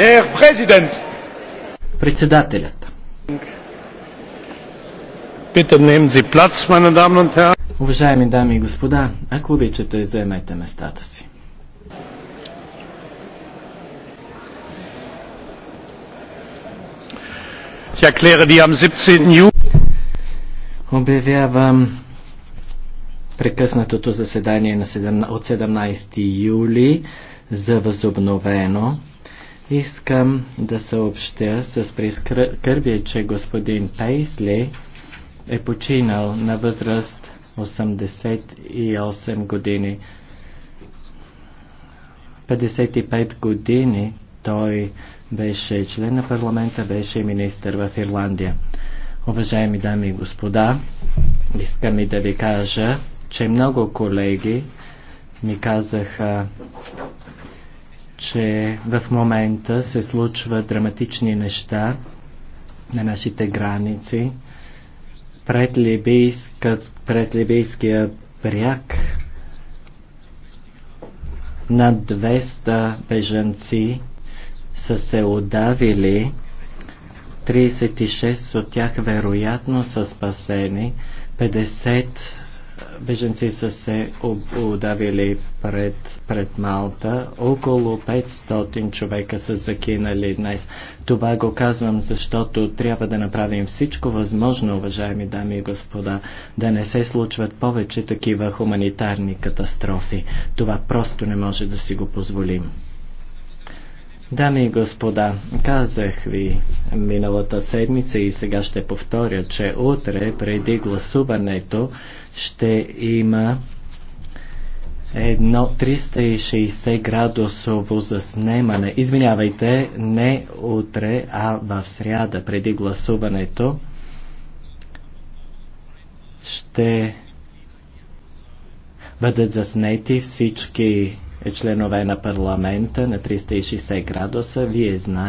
Herr Präsident! Председателят. Bitte nehmen Sie Platz, meine Damen und Herren. Уважаеми дами и господа, ако обичате, заемете местата си. Ich erkläre die am 17. Juni. Обявявам прекъснатото заседание на 7, от 17 юли за възобновено. Искам да съобщя с прискърбие, че господин Пейсли е починал на възраст 88 години. 55 години той беше член на парламента, беше министър в Ирландия. Уважаеми дами и господа, искам и да ви кажа, че много колеги ми казаха че в момента се случват драматични неща на нашите граници. Пред, Либийска, пред Либийския бряг над 200 бежанци са се удавили. 36 от тях вероятно са спасени. 50 беженци са се удавили пред, пред Малта. Около 500 човека са закинали днес. Това го казвам, защото трябва да направим всичко възможно, уважаеми дами и господа, да не се случват повече такива хуманитарни катастрофи. Това просто не може да си го позволим. Дами и господа, казах ви миналата седмица и сега ще повторя, че утре преди гласуването ще има едно 360 градусово заснемане. Извинявайте, не утре, а в сряда преди гласуването ще бъдат заснети всички е членове на парламента на 360 градуса. Вие знаете,